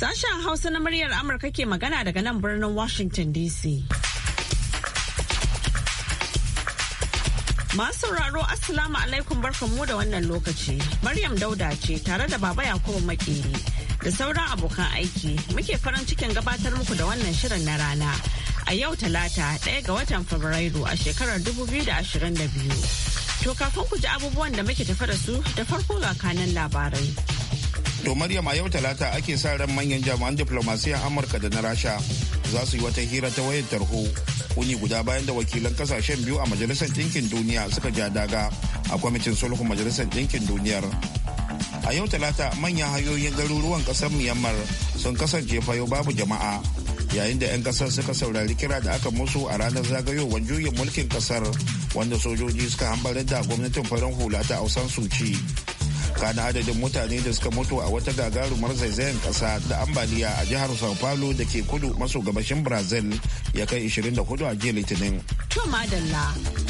Sashen Hausa na muryar Amurka ke magana daga nan birnin Washington DC. Masu sauraro asalamu alaikum barkanmu da wannan lokaci. Maryam Dauda ce tare da Baba Yakubu Makeri da sauran abokan aiki muke farin cikin gabatar muku da wannan shirin na rana. A yau talata ɗaya ga watan Fabrairu a shekarar 2022. To kafin ku ji abubuwan da muke tafa da su da farko ga kanan labarai. To Maryam a yau talata ake sa ran manyan jami'an diplomasiya Amurka da na Rasha za su yi wata hira ta wayar tarho kuni guda bayan da wakilan kasashen biyu a Majalisar Ɗinkin Duniya suka ja daga a kwamitin sulhu Majalisar Ɗinkin Duniyar. A yau talata manyan hanyoyin garuruwan kasar Myanmar sun kasance fayo babu jama'a yayin da 'yan kasar suka saurari kira da aka musu a ranar zagayowar juyin mulkin kasar wanda sojoji suka hambarar da gwamnatin farin hula ta ausan suci. kana adadin mutane da suka mutu a wata gagarumar zaizayen kasa da ambaliya a jihar sao paulo da ke kudu maso gabashin brazil ya kai 24 a jiya litinin to madalla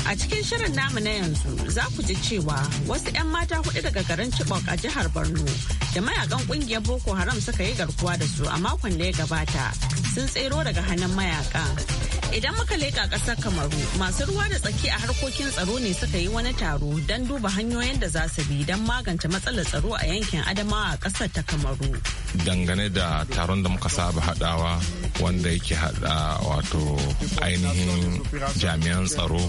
a cikin shirin namu na yanzu za ku ji cewa wasu 'yan mata hudu daga garin chibok a jihar borno da mayakan kungiyar boko haram suka yi garkuwa da su a makon da ya gabata sun tsero daga hannun mayakan Idan muka leka ƙasar Kamaru, masu ruwa da tsaki a harkokin tsaro ne suka yi wani taro don duba hanyoyin da za su bi don magance matsalar tsaro a yankin adama a ta Kamaru. Dangane da taron da muka saba hadawa wanda yake hada wato ainihin jami'an tsaro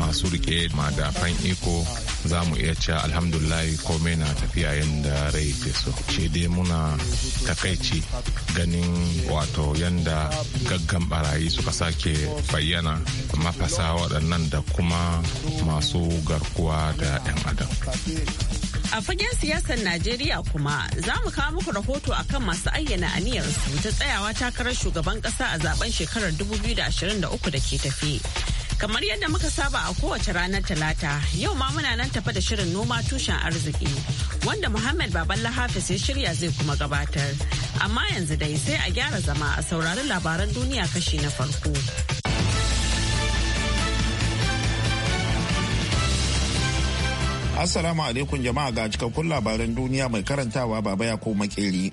masu rike madafan iko za mu iya cewa alhamdulahi komai na tafiya yadda rai ke so. ce dai muna takaici ganin wato yanda gaggan barayi suka sake bayyana mafasa waɗannan da kuma masu garkuwa da 'yan adam. A fagen siyasar Najeriya kuma za mu kawo muku rahoto akan masu ayyana aniyar su ta tsayawa takarar shugaban ƙasa a zaben shekarar 2023 da ke tafi. Kamar yadda muka saba a kowace ranar Talata, yau ma muna nan tafa da shirin noma tushen arziki, wanda Muhammad Baballa lahafi ya shirya zai kuma gabatar. Amma yanzu dai sai a gyara zama a saurari labaran duniya kashi na farko. Assalamu alaikum jama'a ga cikakkun labaran duniya mai karantawa baba ya ko maƙeri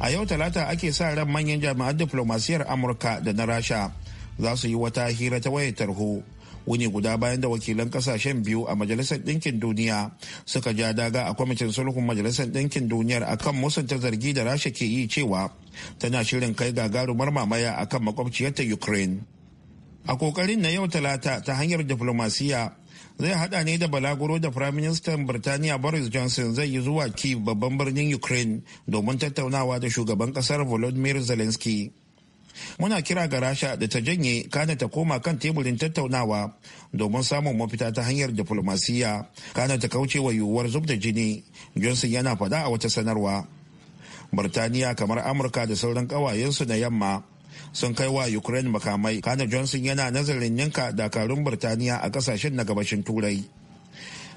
A yau talata ake sa ran manyan jami'an diplomasiyar Amurka da na Rasha za su yi wata hira ta wayar tarho wuni guda bayan da wakilan kasashen biyu a majalisar ɗinkin duniya suka ja daga a kwamitin sulhun majalisar ɗinkin duniyar a kan musanta zargi da rasha ke yi cewa tana shirin kai gagarumar mamaya a kan makwabciyarta ukraine a kokarin na yau talata ta hanyar diflomasiya zai hada ne da balaguro da firaministan birtaniya boris johnson zai yi zuwa kiev babban birnin ukraine domin tattaunawa da shugaban kasar volodymyr zelensky muna kira ga rasha da ta janye kana ta koma kan teburin tattaunawa domin samun mafita ta hanyar diflomasiyya kana ta kauce wa yiwuwar zub da jini johnson yana faɗa a wata sanarwa birtaniya kamar amurka da sauran ƙawayensu na yamma sun kai wa ukraine makamai kana johnson yana nazarin yanka dakarun birtaniya a kasashen na gabashin turai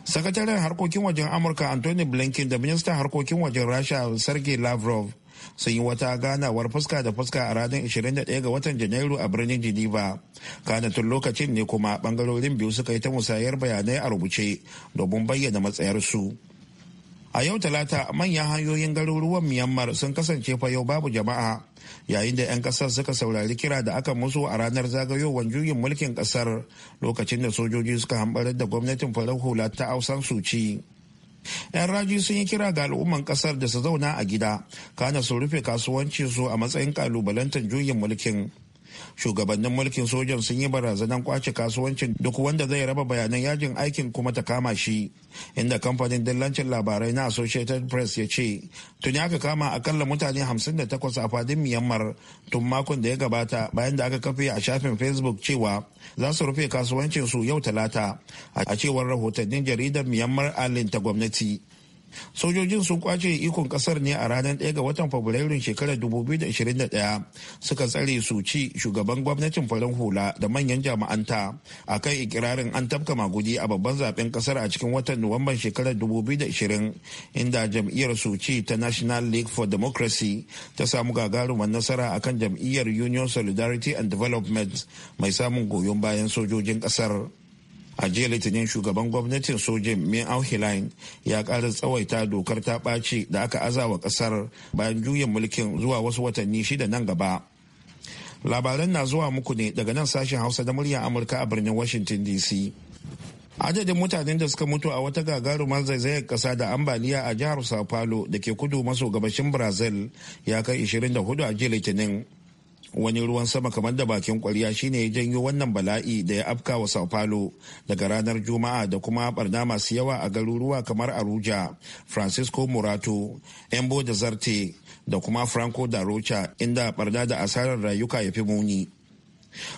sakataren harkokin wajen amurka anthony blinken da ministan harkokin wajen rasha sergei lavrov sun yi wata ganawar fuska da fuska a ranar 21 ga watan janairu a birnin geneva kana lokacin ne kuma bangarorin biyu suka yi ta musayar bayanai a rubuce domin bayyana matsayarsu a yau talata manyan hanyoyin garuruwan myanmar sun kasance fa yau babu jama'a yayin da 'yan kasar suka saurari kira da aka musu a ranar zagayowar juyin mulkin kasar lokacin da sojoji suka hambarar da gwamnatin farar hula ta ausan suci 'yan raji sun yi kira ga al'umman kasar da su zauna a gida kana su rufe su a matsayin kalubalantar juyin mulkin shugabannin mulkin sojan sun yi barazanar kwace kasuwancin duk wanda zai raba bayanan yajin aikin kuma ta kama shi inda kamfanin dillancin labarai na associated press ya ce tuni aka kama akalla mutane 58 a fadin myanmar tun makon da ya gabata bayan da aka kafe a shafin facebook cewa za su rufe kasuwancin su yau talata a cewar rahotannin jaridar myanmar alinta gwamnati sojojin sun kwace ikon kasar ne a ranar 1 ga watan fabrairun shekarar 2021 suka tsare su ci shugaban gwamnatin farin hula da manyan jami'anta a kan ikirarin an tafka magudi a babban zaben kasar a cikin watan nuwamban shekarar 2020 inda jam'iyyar ci ta national league for democracy ta samu gagarumar nasara a kan jam'iyyar union solidarity and development mai samun goyon bayan sojojin kasar. a jiya litinin shugaban gwamnatin sojin min auhilain ya ƙara tsawaita dokar ta ɓaci da aka azawa ƙasar bayan juyin mulkin zuwa wasu watanni shida nan gaba labaran na zuwa muku ne daga nan sashen hausa da muryar amurka a birnin washington dc adadin mutanen da suka mutu a wata gagarumar zaizayar kasa da ambaliya a jihar sao paulo da ke kudu maso gabashin brazil ya kai 24 a jiya litinin wani ruwan sama kamar da bakin kwarya shine ya janyo wannan bala'i da ya afka wa sao paulo daga ranar juma'a da kuma barna masu yawa a garuruwa kamar aruja francisco murato embo da zarte da kuma franco da rocha inda barna da asarar rayuka ya fi muni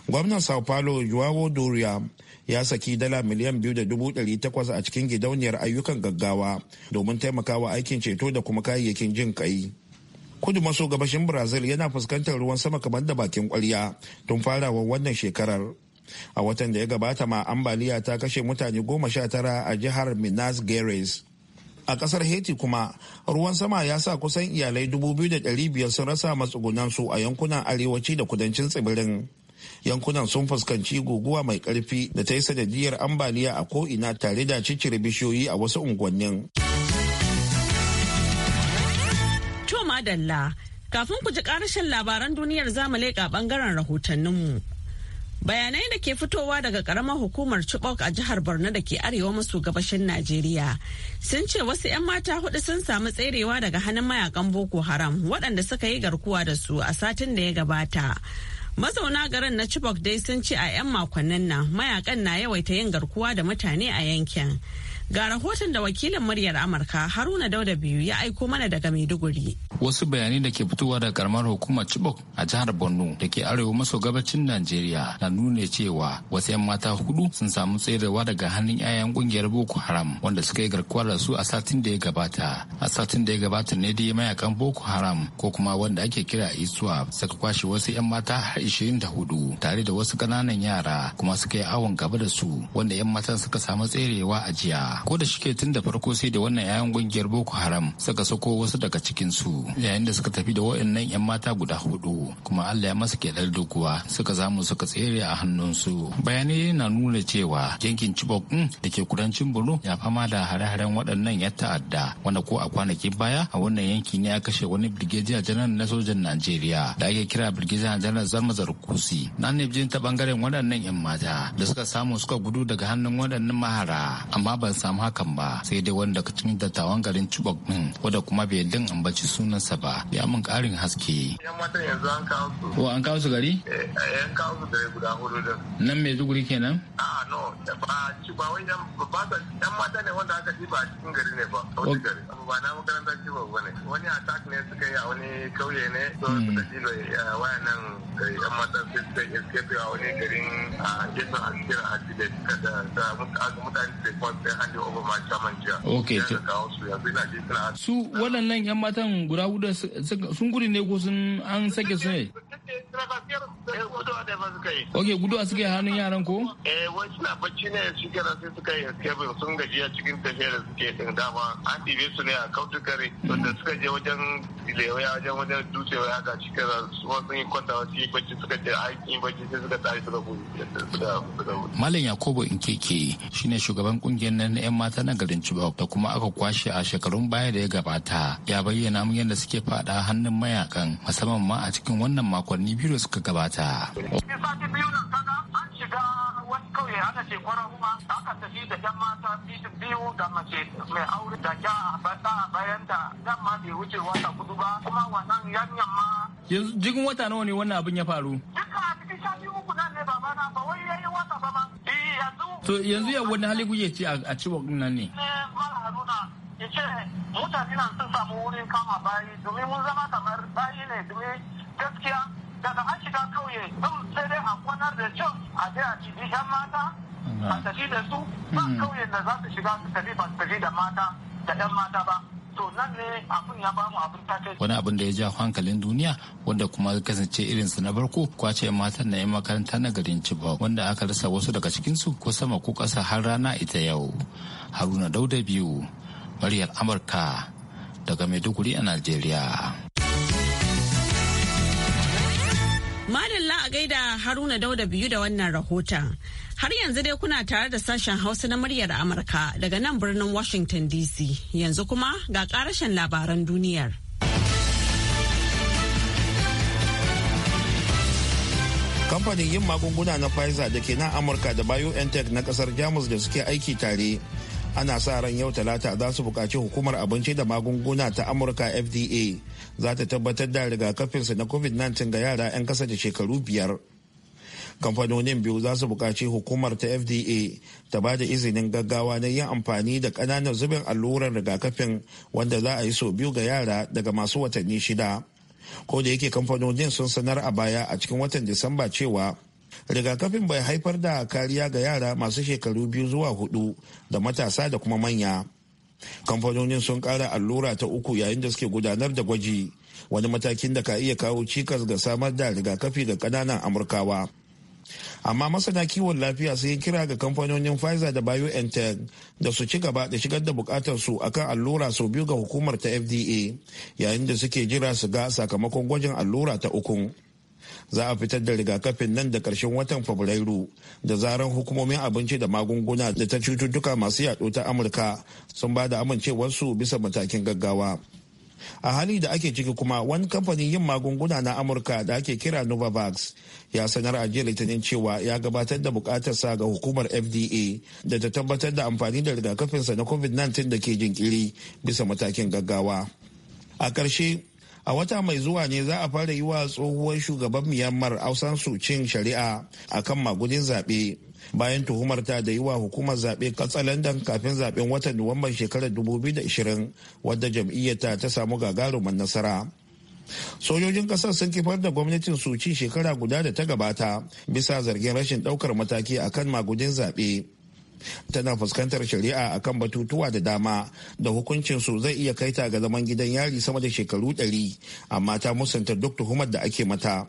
gwamnan sao paulo joao doria ya saki dala miliyan biyu da dubu ɗari takwas a cikin gidauniyar ayyukan gaggawa domin taimakawa aikin ceto da kuma kayayyakin jin kai. kudu maso gabashin brazil yana fuskantar ruwan sama kamar da bakin kwarya tun farawar wannan shekarar a watan da ya gabata ma ambaliya ta kashe mutane goma sha tara a jihar minas gerais a kasar haiti kuma ruwan sama ya sa kusan iyalai 2,500 sun rasa matsugunan su a yankunan arewaci da kudancin tsibirin yankunan sun fuskanci guguwa mai karfi da ta yi sanadiyar ambaliya a ko'ina tare da cicire bishiyoyi a wasu unguwannin. madalla. Kafin ku ji ƙarashin labaran duniyar zamu leƙa ɓangaren rahotanninmu. Bayanai da ke fitowa daga ƙaramar hukumar Chibok a jihar Borno da ke arewa maso gabashin Najeriya sun ce wasu 'yan mata hudu sun samu tserewa daga hannun mayakan Boko Haram waɗanda suka yi garkuwa da su a satin da ya gabata. Mazauna garin na Chibok dai sun ce a 'yan makonnin nan mayakan na yawaita yin garkuwa da mutane a yankin. Ga rahoton da wakilin muryar Amurka Haruna Dauda biyu ya aiko mana daga Maiduguri. Wasu bayanai da ke fitowa daga karamar hukumar Chibok a jihar Borno da ke arewa maso gabacin Najeriya na nuna cewa wasu 'yan mata hudu sun samu tserewa daga hannun 'ya'yan kungiyar Boko Haram wanda suka yi garkuwa da su a satin da ya gabata. A satin da ya gabata ne dai mayakan Boko Haram ko kuma wanda ake kira iswa suka kwashe wasu 'yan mata har hudu tare da wasu ƙananan yara kuma suka yi awon gaba da su wanda 'yan matan suka samu tserewa a jiya. ko da shike tun da farko sai da wannan yayan gungiyar boko haram suka sako wasu daga cikin su yayin da suka tafi da wayannan yan mata guda hudu kuma Allah ya masa kedar doguwa suka zamu suka tsere a hannun su bayanai na nuna cewa yankin Chibok din da ke kudancin Borno ya fama da hare-haren waɗannan yan ta'adda wanda ko a kwanakin baya a wannan yanki ne ya kashe wani brigadier general na sojan Najeriya da ake kira brigadier general Zarmazar Kusi Nan ne ta bangaren waɗannan yan mata da suka samu suka gudu daga hannun waɗannan mahara amma ban samu hakan ba sai dai wanda cikin dattawan garin Chibok din wanda kuma bai din ambaci sunansa ba ya mun karin haske. Yan matan yanzu an kawo su. Ko an kawo su gari? Eh, eh an kawo su gari guda hudu da. Nan zuguri kenan? a no ba ci ba wai yan ba ta yan mata ne wanda aka ci ba cikin gari ne ba. ko gari. Ba na makarantar ci ba wani Wani attack ne suka yi a wani kauye ne. So hmm. suka ci eh, wayannan eh, yan matan sai suka escape a wani garin a gefen Askira a Tibet. da mutane da kwanci su waɗannan yan matan guda hudu sun gudu ne ko sun an sake su ne Ok, guduwa a suke hannun yaran ko? Eh, wani na bacci ne shi gara sai suka yi escape sun a cikin tafiya da suke din dama an ɗibe su ne a kautukare wanda suka je wajen a wajen wajen dutsewa da shi gara wasu yi kwanta wasu yi bacci suka je aiki bacci sai suka tashi suka gudu. Malam Yakubu shi ne shugaban kungiyar nan na 'yan mata na garin Chibok da kuma aka kwashe a shekarun baya da ya gabata ya bayyana mun yadda suke fada hannun mayakan musamman ma a cikin wannan makon makonni biyu da suka gabata. aka ce tafi da yan mata biyu da mace aure da ma wuce Yanzu jikin wata nawa ne wannan abin ya faru? a eh, To yanzu ya wani hali kuke ci a ciwon nan ne? Eh, mutane na sun samu wurin kama bayi domin mun zama kamar bayi ne domin gaskiya daga an shiga kauye sun sai dai a kwanar da cin a je a ciki yan mata a tafi da su ba hmm. kauye da za su shiga su tafi ba su tafi da mata da yan mata ba to nan ne abun ya bamu abin take wani abin da ya ja hankalin duniya wanda kuma kasance irinsu na barko kwace matan na yan makaranta na garin Chibok wanda aka rasa wasu daga cikinsu ko sama ko ƙasa har rana ita yau Haruna Dauda biyu muryar Amurka daga Maiduguri a Najeriya Madalla a gaida Haruna Dauda biyu da wannan rahoton. Har yanzu dai kuna tare da sashen Hausa na muryar Amurka daga nan birnin Washington DC. Yanzu kuma ga karashen labaran duniyar. Kamfanin yin magunguna na Pfizer da ke nan Amurka da BioNTech na kasar Jamus da suke aiki tare ana sa ran yau talata za su buƙaci hukumar abinci da magunguna ta amurka fda za ta tabbatar da rigakafinsu na covid-19 ga yara 'yan kasa da shekaru biyar kamfanonin biyu za su buƙaci hukumar ta fda ta ba da izinin gaggawa na yin amfani da ƙananan zubin alluran rigakafin wanda za a yi sau biyu ga yara daga masu watanni shida ko da yake kamfanonin sun sanar a baya a cikin watan disamba cewa rigakafin bai haifar da kariya ga yara masu shekaru biyu zuwa hudu da matasa da kuma manya kamfanonin sun kara allura ta uku yayin da suke gudanar da gwaji wani matakin da ka iya kawo cikas ga samar da rigakafi ga kananan amurkawa amma masana kiwon lafiya sun kira ga kamfanonin pfizer da biontech da su ci gaba da shigar da bukatarsu akan allura sau biyu ga hukumar ta fda yayin da suke jira su ga sakamakon gwajin allura ta ukun. za a fitar da rigakafin nan da ƙarshen watan fabrairu da zaran hukumomin abinci da magunguna da ta cututtuka masu yaɗo ta amurka sun ba da amincewarsu bisa matakin gaggawa a hali da ake ciki kuma wani kamfanin yin magunguna na amurka da ake kira novavax ya sanar a jiya litinin cewa ya gabatar da bukatarsa ga hukumar fda da ta tabbatar da amfani da rigakafinsa na covid-19 da ke jinkiri bisa matakin gaggawa a ƙarshe a wata mai zuwa ne za a fara yi wa tsohuwar shugaban myanmar ausan sucin shari'a a kan magudin zaɓe bayan tuhumarta da yi wa hukumar zaɓe katsalandan kafin zaɓen watan nuwamban shekarar 2020 wadda jam'iyyata ta samu gagarumin nasara sojojin kasar sun kifar da gwamnatin suci shekara guda da ta gabata bisa zargin rashin ɗaukar mataki akan magudin zaɓe tana fuskantar shari'a akan batutuwa da dama da hukuncin su zai iya kai ta ga zaman gidan yari sama da shekaru ɗari amma ta musanta duk tuhumar da ake mata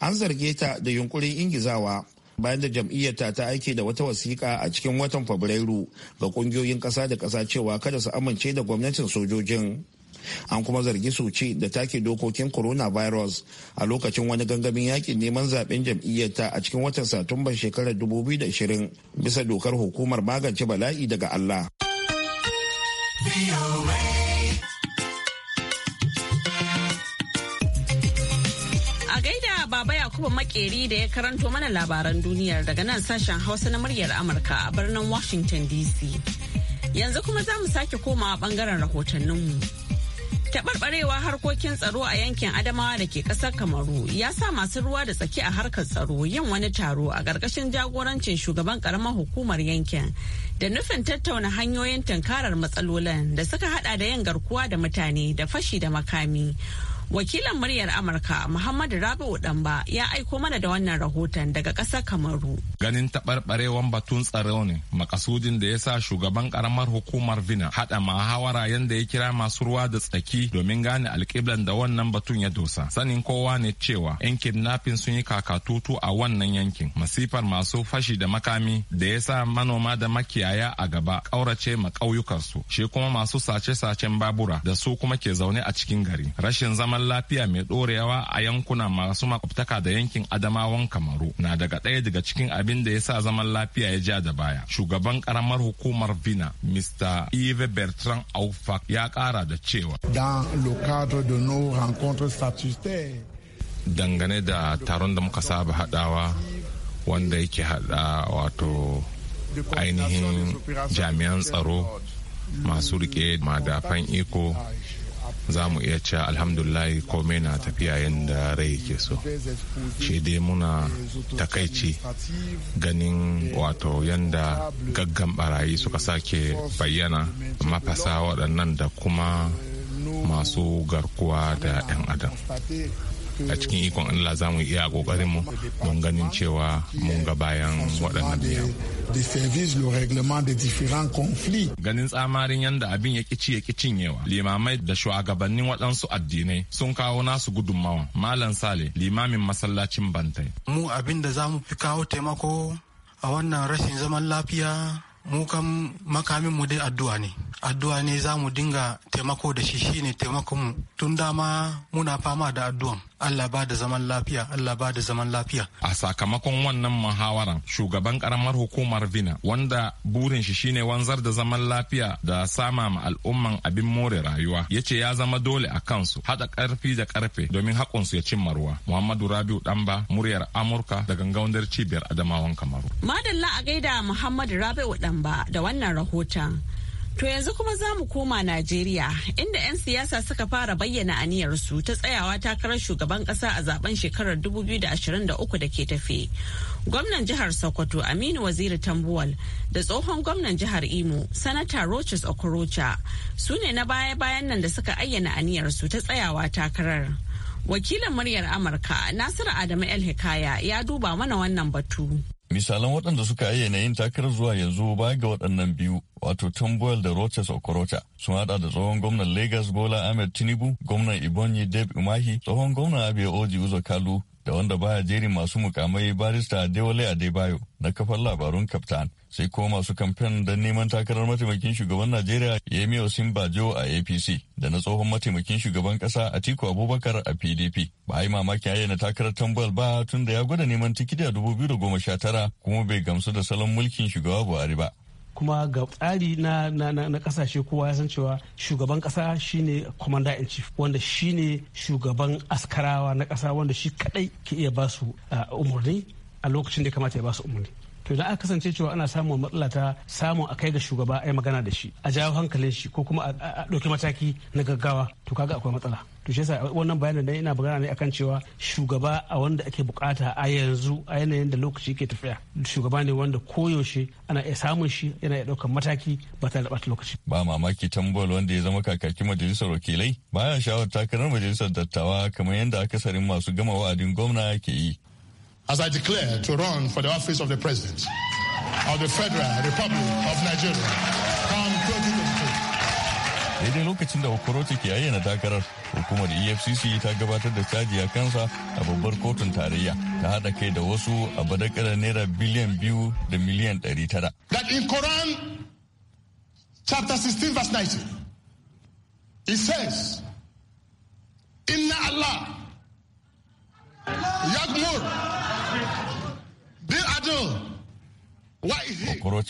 an zarge ta da yunkurin ingizawa bayan da jam'iyyarta ta aike da wata wasiƙa a cikin watan fabrairu ga ƙungiyoyin ƙasa da ƙasa cewa kada su amince da gwamnatin sojojin an kuma zargi su ce da take dokokin coronavirus a lokacin wani gangamin yakin neman zaben jam'iyyarta a cikin watan satumba shekarar 2020 bisa dokar hukumar magance bala'i daga allah a gaida baba yakubu makeri da ya karanto mana labaran duniyar daga nan sashen hausa na muryar amurka a birnin washington dc yanzu kuma za mu sake komawa bangaren rahotanninmu Taɓarɓarewa harkokin tsaro a yankin Adamawa da ke ƙasar Kamaru ya sa masu ruwa da tsaki a harkar tsaro yin wani taro a ƙarƙashin jagorancin shugaban ƙaramar hukumar yankin da nufin tattauna hanyoyin tunkarar matsalolin da suka haɗa da yin garkuwa da mutane da fashi da makami. Wakilan muryar Amurka Muhammadu Rabi'u Ɗanba ya aiko mana da wannan rahoton daga ƙasar Kamaru. Ganin taɓarɓarewan batun tsaro ne makasudin da ya sa shugaban ƙaramar hukumar Vina haɗa mahawara yadda ya kira masu ruwa da tsaki domin gane alƙiblan da wannan batun ya dosa. Sanin kowa ne cewa 'yan kidnapping sun yi kakatutu a wannan yankin. Masifar masu fashi da makami da ya sa manoma da makiyaya a gaba ƙaurace ma kauyukansu Shi kuma masu sace-sacen babura da su kuma ke zaune a cikin gari. Rashin zaman zaman lafiya mai ɗorewa a yankuna masu makwabtaka da yankin Adamawan Kamaru na daga ɗaya daga cikin abin da ya sa zaman lafiya ya ja da baya. Shugaban karamar hukumar Vina, Mr. Yves Bertrand Aufak ya ƙara da cewa. Dangane da taron da muka saba haɗawa wanda yake haɗa wato ainihin jami'an tsaro masu rike madafan iko za mu iya cewa alhamdulahi komai na tafiya yadda rai ke so shi dai muna takaici ganin wato yadda gaggan barayi suka sake bayyana mafasa waɗannan da kuma masu garkuwa da 'yan adam a cikin ikon Allah za mu iya kokarin mu don ganin cewa mun ga bayan waɗannan biyan. Ganin tsamarin yadda abin ya kici ya cinyewa limamai da shugabannin waɗansu addinai sun kawo nasu gudunmawa Malam Sale limamin masallacin Bantai. Mu abin da za mu fi kawo taimako a wannan rashin zaman lafiya mu kan makamin mu dai addu'a ne addu'a ne za mu dinga taimako da shi shine taimakon mu tun dama muna fama da addu'an Allah ba da zaman lafiya Allah ba da zaman lafiya a sakamakon wannan muhawaran shugaban karamar hukumar Vina wanda burin shi shine wanzar da zaman lafiya da sama ma al'umman abin more rayuwa ya ce ya zama dole a kansu haɗa ƙarfi da ƙarfe domin haƙunsu ya cimma ruwa Muhammadu Rabiu ɗanba muryar Amurka da gangaundar cibiyar Adamawan Kamaru madalla a gaida Muhammadu Rabiu Ɗanba da wannan rahoton To yanzu kuma za mu koma Najeriya inda 'yan siyasa suka fara bayyana aniyarsu ta tsayawa takarar shugaban kasa a zaben shekarar 2023 da ke tafe. Gwamnan jihar Sokoto Aminu Waziri Tambuwal da tsohon gwamnan jihar Imo Sanata Rochas Okorocha su ne na baya-bayan nan da suka ayyana aniyarsu ta tsayawa takarar. Wakilin muryar Amurka Nasiru Adamu El Hikaya ya duba mana wannan batu. Misalan waɗanda suka ayyana yanayin takarar zuwa yanzu ba ga waɗannan biyu wato Tambuwal da roches Okorocha sun hada da tsohon gwamnan Lagos Bola Ahmed Tinubu, gwamnan Ibonyi Deb Umahi, tsohon gwamnan Abia Oji Uzo Kalu da wanda baya jerin masu mukamai barista Adewale Adebayo na kafar labarun Kaftan sai kuma masu kamfen don neman takarar mataimakin shugaban Najeriya Yemi Osinbajo a APC da na tsohon mataimakin shugaban kasa Atiku Abubakar a PDP. Ba a yi mamaki ayyana takarar tambal ba tun da ya gwada neman tikiti a 2019 kuma bai gamsu da salon mulkin shugaba Buhari ba. kuma ga tsari na, na, na, na kasashe kowa ya san cewa shugaban kasa shine commander in chief wanda shine shugaban askarawa na kasa wanda shi kadai ke iya basu uh, umarni a lokacin da ya kamata ya basu umurni. to da aka kasance cewa ana samun matsala ta samun a kai ga shugaba yi magana da shi a jawo hankalin shi ko kuma a ɗauki mataki na gaggawa to kaga akwai matsala to shi yasa wannan bayanin da ina magana ne akan cewa shugaba a wanda ake bukata a yanzu a yanayin da lokaci ke tafiya shugaba ne wanda koyaushe ana iya samun shi yana iya daukan mataki ba tare da bata lokaci ba mamaki tambol wanda ya zama kakakin majalisar wakilai baya shawar takarar majalisar dattawa kamar yadda akasarin masu gama wa'adin gwamna ke yi as I declare to run for the office of the President of the Federal Republic of Nigeria from 2022. daidai lokacin da Okoroto ke ayyana takarar hukumar efcc ta gabatar da caji a kansa a babbar kotun tarayya ta haɗa kai da wasu a badakarar naira biliyan biyu da miliyan ɗari tara. that in quran chapter 16 verse 19 it says inna allah Yakmur,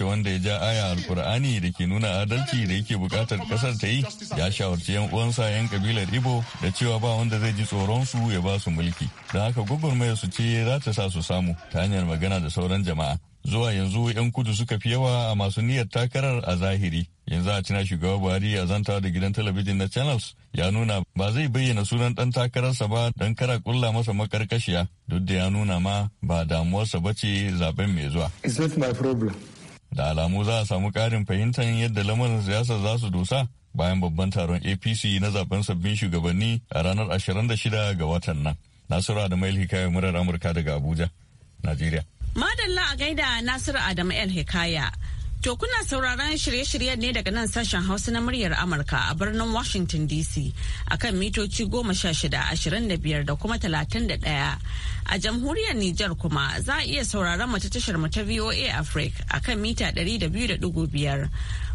wanda ya ja aya alkur'ani da ke nuna adalci da yake bukatar kasar ta yi ya shawarci yan uwansa yan kabilar Ibo da cewa ba wanda zai ji tsoron su ya ba su mulki. Don haka gugurmaya su ce za ta sa su samu ta hanyar magana da sauran jama'a. zuwa yanzu 'yan kudu suka fi yawa a masu niyyar takarar a zahiri yanzu a cina shugaba buhari a zantawa da gidan talabijin na channels ya nuna ba zai bayyana sunan dan takararsa ba don kara kulla masa makarkashiya duk da ya nuna ma ba damuwarsa ba ce zaben mai zuwa da alamu za a samu karin fahimtar yadda lamarin siyasa za su dosa bayan babban taron apc na zaben sabbin shugabanni a ranar 26 ga watan nan nasura da mail hikayar murar amurka daga abuja najeriya Madalla a gaida Nasiru Adamu El Hikaya. To kuna sauraron shirye-shiryen ne daga nan sashen Hausa na muryar Amurka a birnin Washington DC kan mitoci goma sha shida ashirin da biyar da kuma talatin da ɗaya. A jamhuriyar Nijar kuma za a iya sauraron mu ta tashar mu ta VOA Africa a kan mita ɗari da biyu da ɗigo biyar.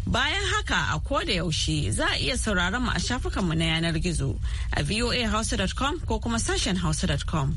Bayan haka a ko da yaushe za a iya sauraron mu a shafukanmu na yanar gizo a voahausa.com ko kuma sashen hausa.com.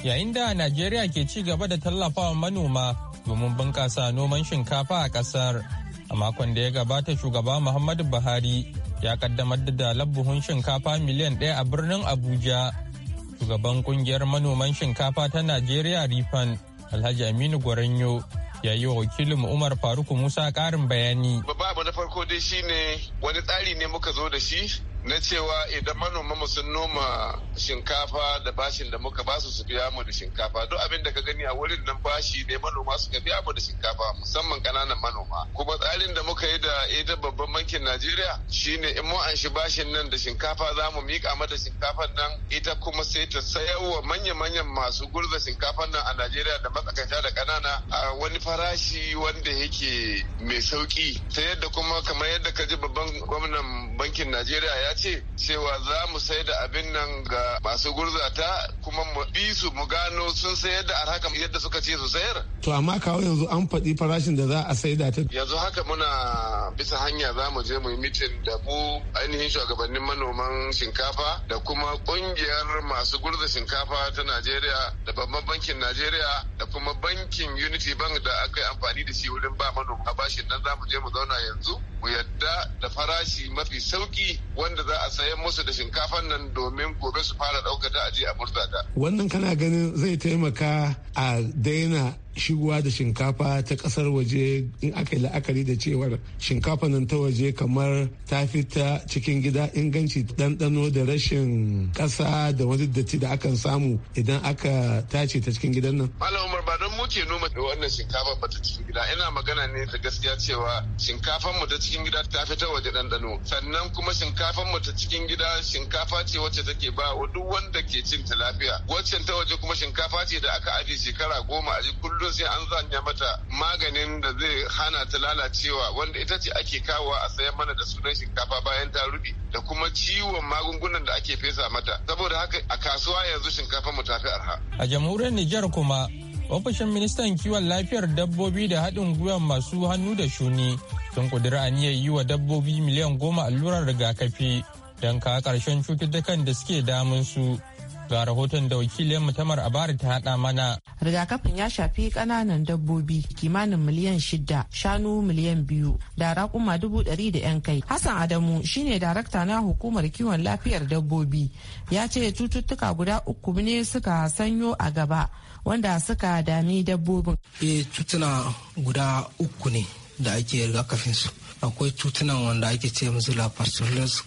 yayin da Najeriya ke ci gaba da tallafawa manoma domin bunƙasa noman shinkafa a ƙasar. A makon da ya gabata shugaba Muhammadu Buhari ya kaddamar da labbuhun shinkafa miliyan ɗaya a birnin Abuja. Shugaban ƙungiyar manoman shinkafa ta Najeriya Rifan Alhaji Aminu Gwaranyo ya yi wa wakilin Umar Faruku Musa ƙarin bayani. Babu na farko dai shine wani tsari ne muka zo da shi na cewa idan mu sun noma shinkafa da bashin da muka basu su biya mu da shinkafa duk abin da ka gani a wurin nan bashi ne manoma suka biya mu da shinkafa musamman kananan manoma kuma tsarin da muka yi da ita babban bankin Najeriya shine in mu anshi bashin nan da shinkafa za mu mika mata shinkafan nan ita kuma sai ta sayarwa manya-manyan masu gurza shinkafa nan a Najeriya da matsakaita da kanana a wani farashi wanda yake mai sauki ta yadda kuma kamar yadda ka ji babban gwamnan bankin najeriya ya ce cewa za mu sai da abin nan ga masu gurzata kuma mu bi su mu gano sun sayar da arhaka yadda suka ce su sayar to amma kawo yanzu an faɗi farashin da za a saida ta yanzu haka muna bisa hanya za mu je mu yi mitin da mu ainihin shugabannin manoman shinkafa da kuma kungiyar masu gurza shinkafa ta najeriya da babban bankin najeriya da kuma bankin unity bank da aka yi amfani da shi wurin ba manoma bashin nan za mu je mu zauna yanzu mu yadda da farashi mafi sauki wanda za a sayan musu da shinkafan nan domin gobe su fara ɗaukata je a murtata. Wannan kana ganin zai taimaka a daina shigowa da shinkafa ta kasar waje in aka yi la'akari da cewar shinkafa nan ta waje kamar ta fita cikin gida inganci ɗanɗano da rashin ƙasa da wani datti da akan samu idan aka tace ta cikin gidan nan. Malam Umar ba don muke noma da wannan shinkafa ba ta cikin gida ina magana ne da gaskiya cewa shinkafan mu ta cikin gida ta fita waje ɗanɗano sannan kuma shinkafan mu ta cikin gida shinkafa ce wacce take ba duk wanda ke cin ta lafiya waccan ta waje kuma shinkafa ce da aka ajiye shekara goma a ji kullum wannan sai an zanya mata maganin da zai hana ta lalacewa wanda ita ce ake kawo a sayan mana da sunan shinkafa bayan ta rubi da kuma ciwon magungunan da ake fesa mata saboda haka a kasuwa yanzu shinkafa mu tafi arha a jamhuriyar Nijar kuma ofishin ministan kiwon lafiyar dabbobi da haɗin gwiwar masu hannu da shuni sun kudura aniyar yi wa dabbobi miliyan goma allurar rigakafi don kawo ƙarshen cututtukan da suke damun su Ga rahoton da wakilin mutamar Abari ta haɗa mana. Rigakafin ya shafi ƙananan dabbobi kimanin miliyan shida, shanu miliyan biyu, da raƙuma dubu ɗari da 'yan kai. Hassan Adamu shine darakta na hukumar kiwon lafiyar dabbobi. Ya ce cututtuka guda uku ne suka sanyo a gaba wanda suka dami dabbobin. Eh cutuna guda uku ne da ake rigakafin su. Akwai cutunan wanda ake ce musu la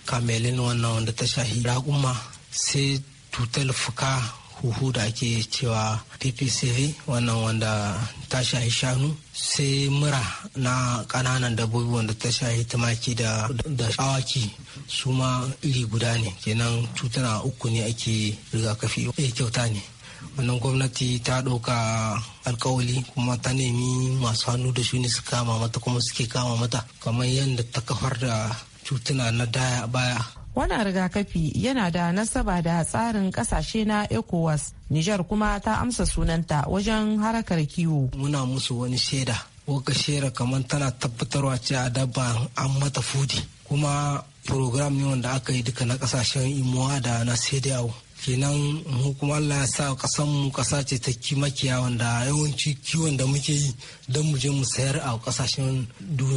kamelin wannan wanda ta shahi raƙuma sai cutar fuka huhu da ake cewa ppcv wannan wanda ta shahi shanu sai mura na kananan dabbobi wanda ta shahi tumaki da awaki su ma iri guda ne kenan cutuna uku ne ake rigakafi eh, kyauta ne wannan gwamnati ta ɗauka alkawali kuma ta nemi masu hannu da shuni su kama mata kuma suke kama mata kamar yadda ta kafar da cutuna na daya baya Wannan rigakafi yana da nasaba da tsarin kasashe na ECOWAS. Nijar kuma ta amsa sunanta wajen harakar kiwo. Muna musu wani shaida, waka shera kamar tana tabbatarwa ce a dabba an mata fudi. Kuma program ne wanda aka yi duka na kasashen imuwa da na yawo. kenan mu kuma Allah ya sa kasan mu kasa ce ta makiya wanda yawanci kiwon da muke yi don mu je mu sayar a kasashen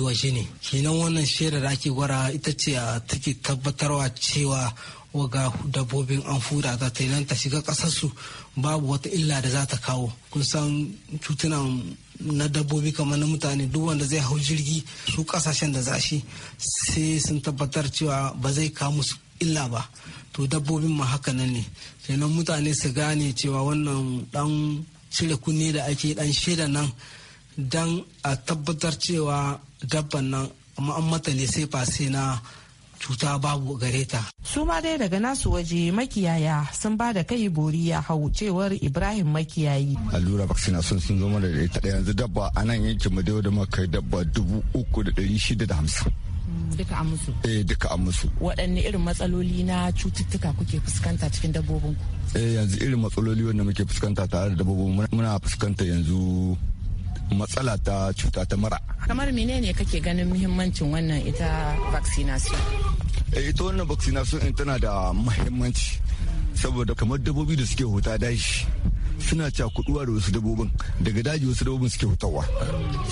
waje ne kenan wannan shaidar da ake gwara ita ce take tabbatarwa cewa waga dabbobin an fura ta nan ta shiga kasarsu babu wata illa da za ta kawo kun san cutuna na dabbobi kamar na mutane duk wanda zai hau jirgi su kasashen da za shi sai sun tabbatar cewa ba zai kawo musu illa ba to dabbobin ma haka nan ne kenan mutane su gane cewa wannan dan cire kunne da ake dan shaida nan dan a tabbatar cewa dabban nan amma an mata ne sai fase na cuta babu gare ta. Su ma dai daga nasu waje makiyaya sun ba da kai bori ya hau cewar Ibrahim makiyayi. Allura vaccination sun zo mana da ita yanzu dabba a nan yankin mu da maka dabba dubu uku da ɗari shida da hamsin. duka an musu eh duka an musu waɗanne irin matsaloli na cututtuka kuke fuskanta cikin dabbobin ku eh yanzu irin matsaloli wanda muke fuskanta tare da dabbobin muna fuskanta yanzu matsala ta cuta ta mara kamar menene kake ganin muhimmancin wannan ita vaccination eh ita wannan vaccination tana da muhimmanci saboda kamar dabbobi da suke huta dashi suna cakuduwa da wasu dabbobin daga daji wasu dabbobin suke hutawa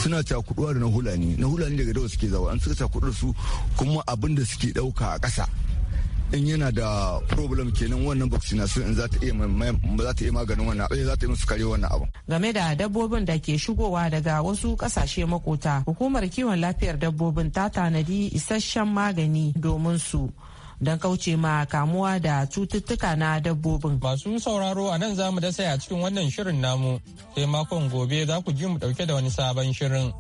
suna cakuduwa da na hulani na hulani daga dawa suke zawa an suka cakudu su kuma abin da suke dauka a ƙasa in yana da problem kenan wannan su in za ta iya za ta iya maganin wannan abin eh, za ta yi musu kare wannan abu. Game da dabbobin da ke shigowa daga wasu kasashe makota, hukumar kiwon lafiyar dabbobin ta tanadi isasshen magani domin su. don kauce ma kamuwa da cututtuka na dabbobin. Masu sauraro a nan za mu dasa a cikin wannan shirin namu sai makon gobe za ku ji mu dauke da wani sabon shirin.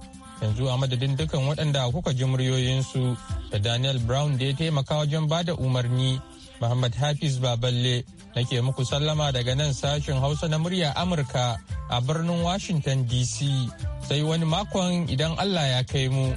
Yanzu a madadin dukan waɗanda kuka ji muryoyinsu da Daniel Brown da ya taimaka wajen ba da umarni Muhammad Hafiz Baballe nake muku sallama daga nan sashen Hausa na murya Amurka a birnin Washington DC sai wani makon idan Allah ya kai mu.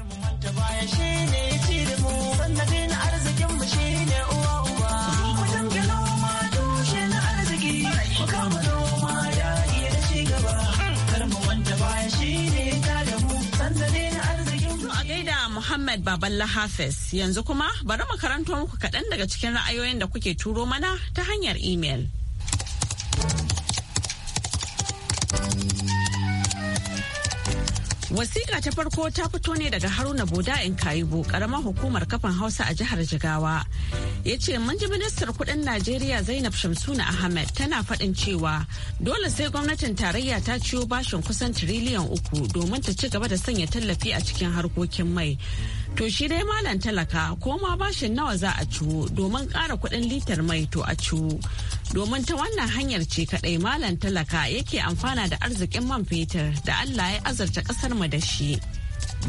Muhammad Baballa Hafiz yanzu kuma bari mu karanto muku kaɗan daga cikin ra'ayoyin da kuke turo mana ta hanyar imel. Wasiƙa ta farko ta fito ne daga Haruna Boda in Kayibo, ƙaramar hukumar kafan Hausa a jihar Jigawa. Ya ce, mun ji ministar kuɗin Najeriya Zainab Shamsuna Ahmed tana faɗin cewa dole sai gwamnatin tarayya ta ciyo bashin kusan tiriliyan uku domin ta ci gaba da sanya tallafi a cikin harkokin mai. To shi dai malam talaka ko ma bashin nawa za a ciwo domin ƙara kuɗin litar mai to a ciwo. Domin ta wannan hanyar ce kaɗai malam talaka yake amfana da arzikin man fetur da Allah ya azarta ƙasar mu da shi.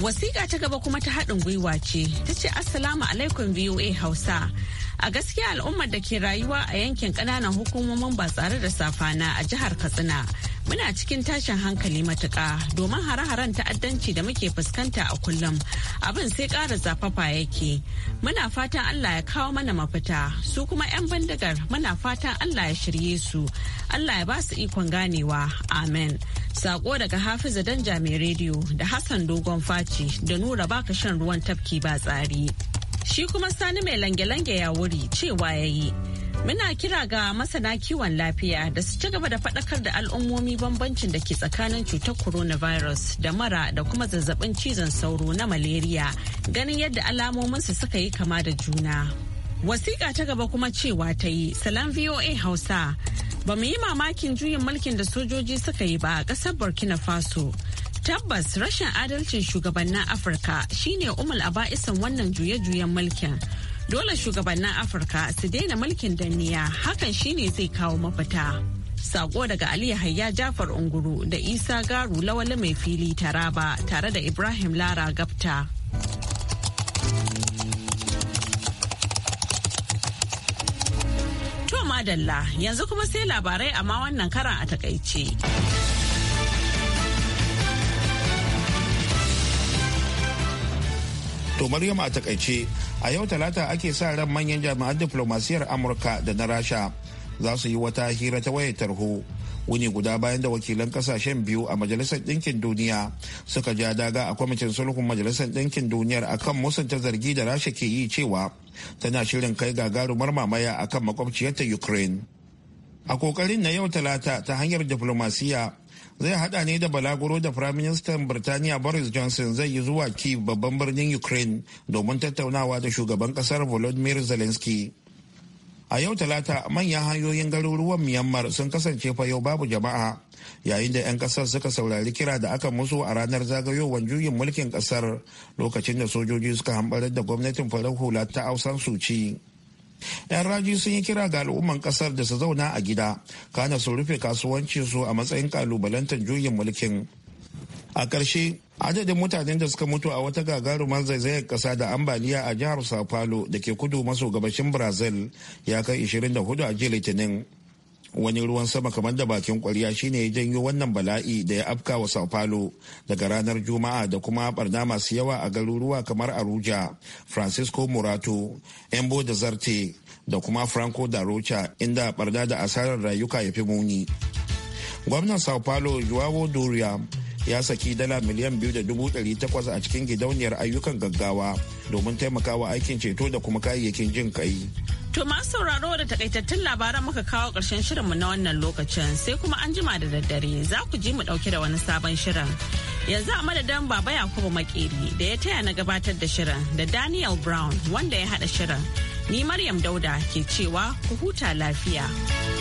Wasiƙa ta gaba kuma ta haɗin gwiwa ce ta ce Assalamu alaikum VOA Hausa. A gaskiya al'ummar da ke rayuwa a yankin kananan hukumomin ba tsare da safana a jihar Katsina muna cikin tashin hankali matuƙa domin hare-haren ta'addanci da muke fuskanta a kullum abin sai ƙara zafafa yake muna fatan allah ya kawo mana mafita su kuma 'yan bindigar muna fatan allah ya shirye su allah ya ba su ikon ganewa amen sako daga hafiza danja mai rediyo da hassan dogon faci da nura baka shan ruwan tafki ba tsari. Shi kuma sani mai lange-lange ya wuri cewa ya yi. Muna kira ga masana kiwon lafiya da su ci gaba da faɗakar da al'ummomi bambancin da ke tsakanin cutar coronavirus da mara da kuma zazzabin cizon sauro na malaria ganin yadda alamominsu suka yi kama da juna. Wasiƙa ta gaba kuma cewa ta yi, salam VOA Hausa. Ba mu yi mamakin juyin mulkin da sojoji suka yi ba a ƙasar Burkina Faso. Tabbas rashin adalcin shugabannin Afirka shine umul aba'isan wannan juye-juyen mulkin. Dole shugabannin Afirka su daina mulkin danniya hakan shine zai kawo mafita. Sako daga Aliyu Hayya Jafar Unguru da Isa Garu Lawali mai fili Taraba tare da Ibrahim Lara Gapta. To madalla yanzu kuma sai labarai amma wannan karan a takaice. To Maryam a takaice a yau talata ake sa ran manyan jami'an diplomasiyar Amurka da na Rasha za su yi wata hira ta wayar tarho. Wuni guda bayan da wakilan kasashen biyu a Majalisar Ɗinkin Duniya suka ja daga a kwamitin sulhun Majalisar Ɗinkin Duniyar akan musanta zargi da Rasha ke yi cewa tana shirin kai gagarumar mamaya akan makwabciyarta Ukraine. A kokarin na yau talata ta hanyar diplomasiya zai hada ne da balaguro da firaministan birtaniya boris johnson zai yi zuwa kiev babban birnin ukraine domin tattaunawa da shugaban kasar volodymyr zelensky a yau talata manyan hanyoyin garuruwan myanmar sun kasance fa yau babu jama'a yayin da 'yan kasar suka saurari kira da aka musu a ranar zagayowar juyin mulkin kasar lokacin da sojoji suka hambarar da gwamnatin farar hula ta ausan suci 'yan raji sun yi kira ga al'umman kasar da su zauna a gida kana su rufe su a matsayin kalubalantar juyin mulkin a ƙarshe adadin mutanen da suka mutu a wata gagarumar zaizayar ƙasa da ambaliya a jihar sao paulo da ke kudu maso gabashin brazil ya kai 24 a jiya litinin wani ruwan sama kamar da bakin kwarya shine ya janyo wannan bala'i da ya afka wa sao paulo daga ranar juma'a da kuma barna masu yawa a garuruwa kamar aruja francisco murato embo da zarte da kuma franco da rocha inda barna da asarar rayuka ya fi muni gwamnan sao paulo joao doria ya saki dala miliyan biyu a cikin gidauniyar ayyukan gaggawa domin taimakawa aikin ceto da kuma kayayyakin jin kai To masu sauraro da takaitattun labaran muka kawo ƙarshen shirinmu na wannan lokacin sai kuma an jima da daddare za ku ji mu ɗauke da wani sabon shirin. Yanzu a madadin Baba Yakubu Makeri da ya taya na gabatar da shirin da Daniel Brown wanda ya haɗa shirin. Ni Maryam Dauda ke cewa ku huta lafiya.